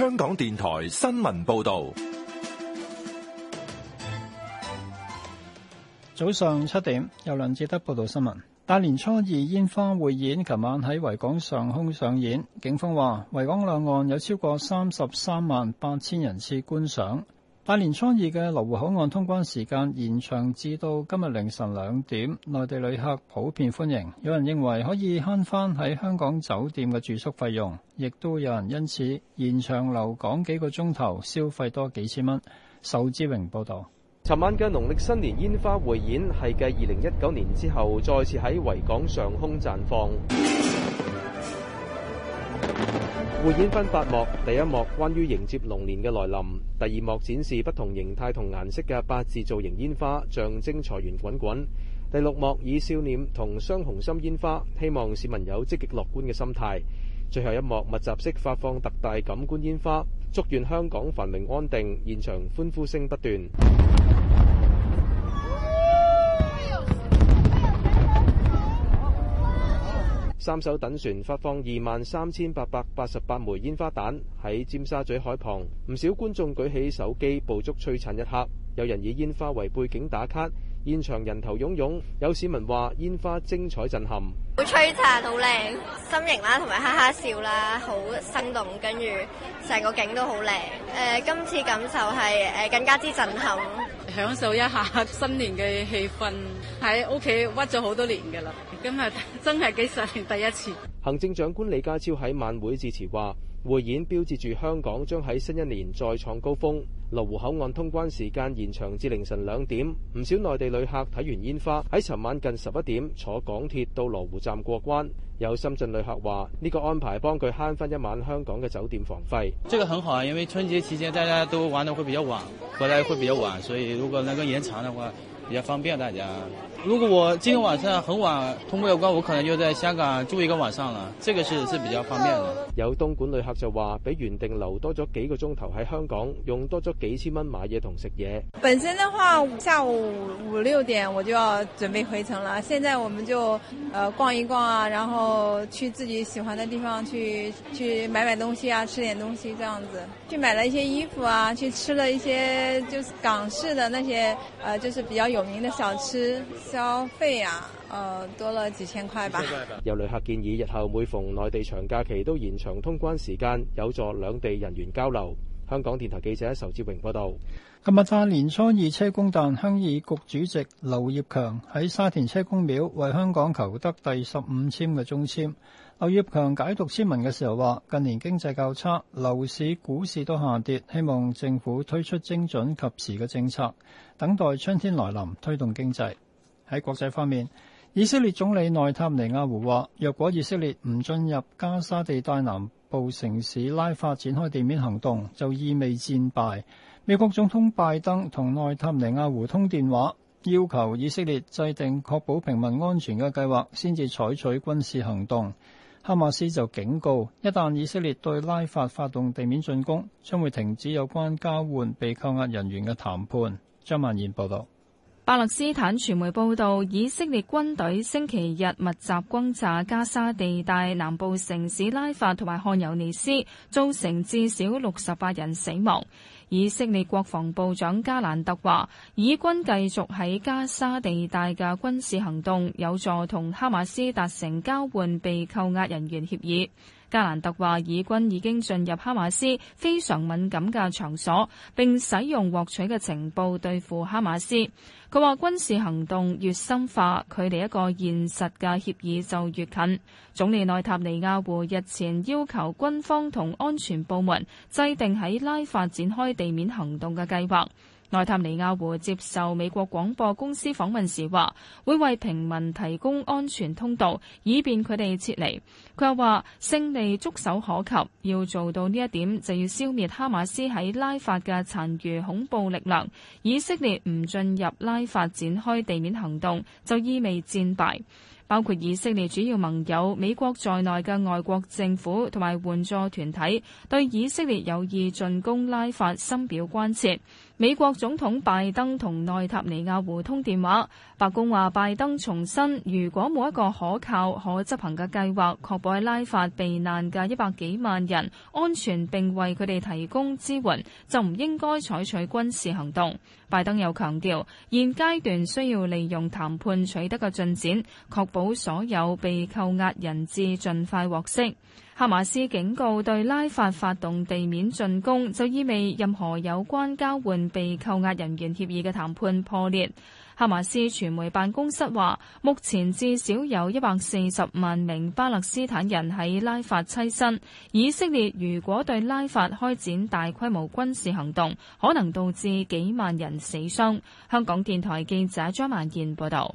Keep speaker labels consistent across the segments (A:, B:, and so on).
A: 香港電台新聞報道，
B: 早上七點，由梁志德報道新聞。大年初二煙花匯演，琴晚喺維港上空上演。警方話，維港兩岸有超過三十三萬八千人次觀賞。大年初二嘅羅湖口岸通關時間延長至到今日凌晨兩點，內地旅客普遍歡迎。有人認為可以慳翻喺香港酒店嘅住宿費用，亦都有人因此延長留港幾個鐘頭，消費多幾千蚊。仇志榮報道。尋晚嘅農曆新年煙
A: 花匯演係繼二零一九年之後，再次喺維港上空綻放。匯演分八幕，第一幕關於迎接龍年嘅來臨，第二幕展示不同形態同顏色嘅八字造型煙花，象徵財源滾滾。第六幕以笑臉同雙紅心煙花，希望市民有積極樂觀嘅心態。最後一幕密集式發放特大感官煙花，祝願香港繁榮安定。現場歡呼聲不斷。哎三艘躉船發放二萬三千八百八十八枚煙花彈，喺尖沙咀海旁，唔少觀眾舉起手機捕捉璀璨一刻。有人以煙花為背景打卡，現場人頭湧湧。有市民話：煙花精彩震撼
C: 璀璨，好璀璨，好靚，
A: 心形啦，同埋哈哈笑啦，好生動，跟住成個景都好靚。
C: 誒、呃，今次感受係誒、呃、更加之震撼。享受一下新年嘅氣氛，喺屋企屈咗好多年嘅啦，今日真係幾十年第一次。
A: 行政長官李家超喺晚會致辭話。匯演標誌住香港將喺新一年再創高峰。羅湖口岸通關時間延長至凌晨兩點，唔少內地旅客睇完煙花喺尋晚近十一點坐港鐵到羅湖站過關。有深圳旅客話：呢個安排幫佢慳翻一晚香港嘅酒店房費。
B: 這個很好啊，因為春
A: 節期間大家都玩得會比較晚，回來會比較晚，所以如果能夠延長的話，比較方便大家。
B: 如果我今天晚上很晚通不過關，我可能就在香港住一個晚上了。這個是
A: 是比較方便的。有東莞旅客就話，比原定留多咗幾個鐘頭喺香港，用多咗幾千蚊買嘢同食嘢。
C: 本身的話，下午五六點我就要準備回程了。現在我們就呃逛一逛啊，然後去自己喜歡的地方去去買買東西啊，吃點東西這樣子。去買了一些衣服啊，去吃了一些就是港式的那些呃，就是比較有。有名的小吃消費啊，呃，多了幾千塊吧。
A: 有旅客建議，日後每逢內地長假期都延長通關時間，有助兩地人員交流。香港電台記者仇志榮報道，
B: 今日大年初二，車公誕，鄉議局主席劉業強喺沙田車公廟為香港求得第十五簽嘅中簽。劉業強解讀簽文嘅時候話，近年經濟較差，樓市、股市都下跌，希望政府推出精準及時嘅政策，等待春天來臨，推動經濟。喺國際方面，以色列總理內塔尼亞胡話，若果以色列唔進入加沙地帶南。部城市拉法展開地面行動，就意味戰敗。美國總統拜登同內塔尼亞胡通電話，要求以色列制定確保平民安全嘅計劃，先至採取軍事行動。哈馬斯就警告，一旦以色列對拉法發動地面進攻，將會停止有關交換被扣押人員嘅談判。張曼燕報道。
C: 巴勒斯坦傳媒報道，以色列軍隊星期日密集轟炸加沙地帶南部城市拉法同埋漢尤尼斯，造成至少六十八人死亡。以色列國防部長加蘭特話，以軍繼續喺加沙地帶嘅軍事行動，有助同哈馬斯達成交換被扣押人員協議。加蘭特話，以軍已經進入哈馬斯非常敏感嘅場所，並使用獲取嘅情報對付哈馬斯。佢話軍事行動越深化，距離一個現實嘅協議就越近。總理內塔尼亞胡日前要求軍方同安全部門制定喺拉法展開地面行動嘅計劃。內塔尼亞胡接受美國廣播公司訪問時話，會為平民提供安全通道，以便佢哋撤離。佢又話勝利觸手可及，要做到呢一點就要消滅哈馬斯喺拉法嘅殘餘恐怖力量。以色列唔進入拉法展開地面行動，就意味戰敗。包括以色列主要盟友美國在內嘅外國政府同埋援助團體，對以色列有意進攻拉法深表關切。美國總統拜登同內塔尼亞胡通電話，白宮話拜登重申，如果冇一個可靠可執行嘅計劃，確保喺拉法避難嘅一百幾萬人安全，並為佢哋提供支援，就唔應該採取軍事行動。拜登又強調，現階段需要利用談判取得嘅進展，確保所有被扣押人質盡快獲釋。哈馬斯警告，對拉法發動地面進攻就意味任何有關交換被扣押人員協議嘅談判破裂。哈馬斯傳媒辦公室話，目前至少有一百四十萬名巴勒斯坦人喺拉法棲身。以色列如果對拉法開展大規模軍事行動，可能導致幾萬人死傷。香港電台記者張萬健報道。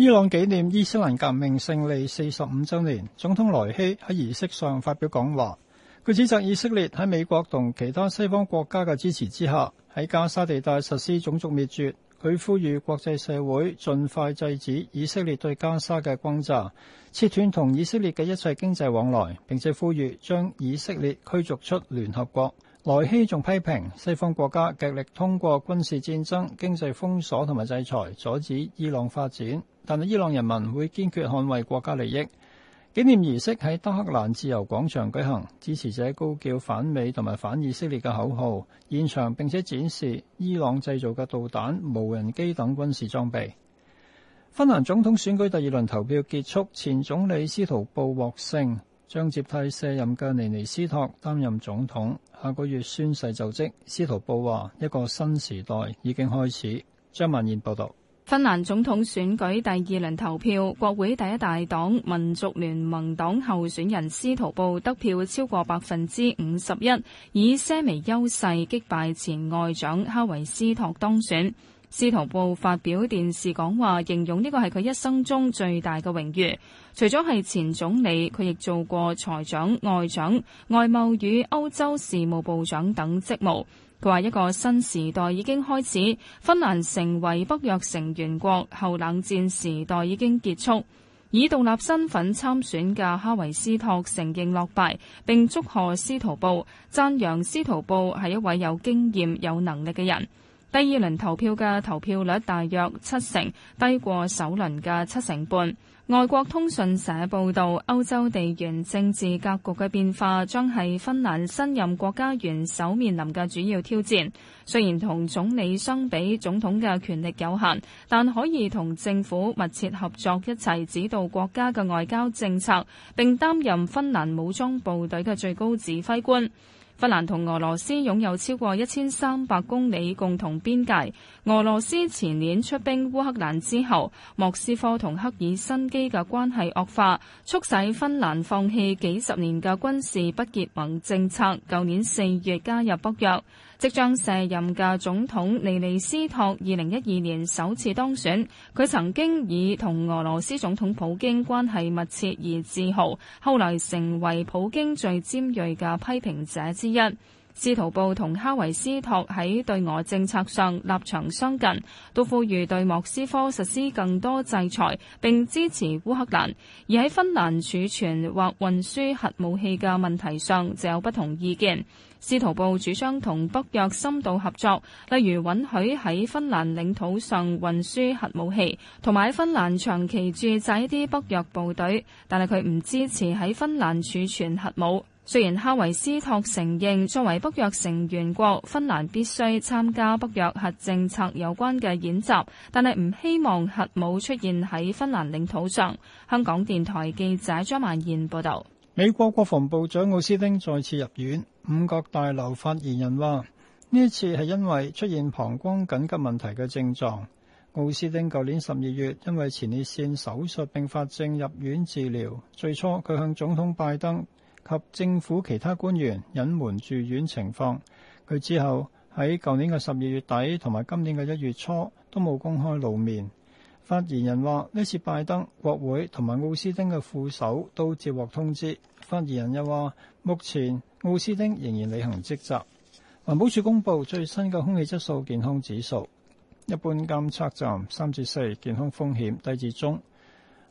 B: 伊朗紀念伊斯蘭革命勝利四十五週年，總統萊希喺儀式上發表講話。佢指責以色列喺美國同其他西方國家嘅支持之下，喺加沙地帶實施種族滅絕。佢呼籲國際社會盡快制止以色列對加沙嘅轟炸，切斷同以色列嘅一切經濟往來，並且呼籲將以色列驅逐出聯合國。萊希仲批評西方國家極力通過軍事戰爭、經濟封鎖同埋制裁，阻止伊朗發展。但伊朗人民會堅決捍衛國家利益。紀念儀式喺德黑蘭自由廣場舉行，支持者高叫反美同埋反以色列嘅口號，現場並且展示伊朗製造嘅導彈、無人機等軍事裝備。芬蘭總統選舉第二輪投票結束，前總理斯圖布獲勝。將接替卸任嘅尼尼斯托擔任總統，下個月宣誓就職。司徒布話：一個新時代已經開始。張曼燕報道。
C: 芬蘭總統選舉第二輪投票，國會第一大黨民族聯盟黨候選人司徒布得票超過百分之五十一，以些微優勢擊敗前外長哈維斯托當選。司徒布發表電視講話，形容呢個係佢一生中最大嘅榮譽。除咗係前總理，佢亦做過財長、外長、外貿與歐洲事務部長等職務。佢話一個新時代已經開始，芬蘭成為北約成員國，後冷戰時代已經結束。以獨立身份參選嘅哈維斯托承認落敗，並祝賀司徒布，讚揚司徒布係一位有經驗、有能力嘅人。第二輪投票嘅投票率大約七成，低過首輪嘅七成半。外國通訊社報道，歐洲地緣政治格局嘅變化將係芬蘭新任國家元首面臨嘅主要挑戰。雖然同總理相比，總統嘅權力有限，但可以同政府密切合作，一齊指導國家嘅外交政策，並擔任芬蘭武裝部隊嘅最高指揮官。芬蘭同俄羅斯擁有超過一千三百公里共同邊界。俄羅斯前年出兵烏克蘭之後，莫斯科同赫爾辛基嘅關係惡化，促使芬蘭放棄幾十年嘅軍事不結盟政策，舊年四月加入北約。即將卸任嘅總統尼尼斯托，二零一二年首次當選。佢曾經以同俄羅斯總統普京關係密切而自豪，後來成為普京最尖銳嘅批評者之一。斯圖布同哈維斯托喺對俄政策上立場相近，都呼籲對莫斯科實施更多制裁並支持烏克蘭。而喺芬蘭儲存或運輸核武器嘅問題上就有不同意見。斯圖布主張同北約深度合作，例如允許喺芬蘭領土上運輸核武器，同埋喺芬蘭長期駐紮一啲北約部隊。但係佢唔支持喺芬蘭儲存核武。雖然哈維斯托承認，作為北約成員國，芬蘭必須參加北約核政策有關嘅演習，但係唔希望核武出現喺芬蘭領土上。香港電台記者張曼燕報導。
B: 美國國防部長奧斯汀再次入院。五角大樓發言人話：呢次係因為出現膀胱緊急問題嘅症狀。奧斯汀舊年十二月因為前列腺手術併發症入院治療。最初佢向總統拜登及政府其他官員隱瞞住院情況，佢之後喺舊年嘅十二月底同埋今年嘅一月初都冇公開露面。發言人話：呢次拜登國會同埋奧斯汀嘅副手都接獲通知。發言人又話：目前奧斯汀仍然履行職責。環保署公布最新嘅空氣質素健康指數，一般監測站三至四，健康風險低至中，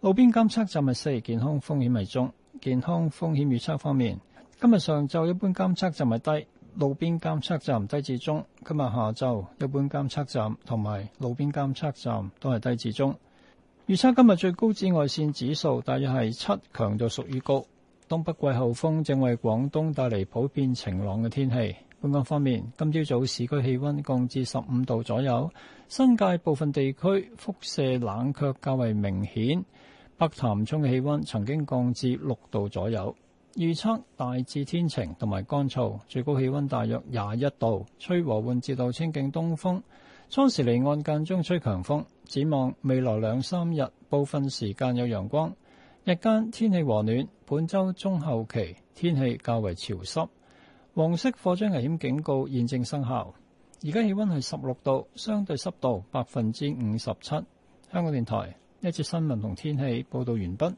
B: 路邊監測站係四，健康風險為中。健康風險預測方面，今日上晝一般監測站係低，路邊監測站低至中。今日下晝一般監測站同埋路邊監測站都係低至中。預測今日最高紫外線指數大約係七，強度屬於高。東北季候風正為廣東帶嚟普遍晴朗嘅天氣。本港方面，今朝早市區氣溫降至十五度左右，新界部分地區輻射冷卻較為明顯。北潭涌嘅氣溫曾經降至六度左右，預測大致天晴同埋乾燥，最高氣溫大約廿一度，吹和緩至到清勁東風。初時離岸間中吹強風，展望未來兩三日部分時間有陽光，日間天氣和暖。本週中後期天氣較為潮濕，黃色火災危險警告現正生效。而家氣温係十六度，相對濕度百分之五十七。香港電台。一節新聞同天氣報導完畢。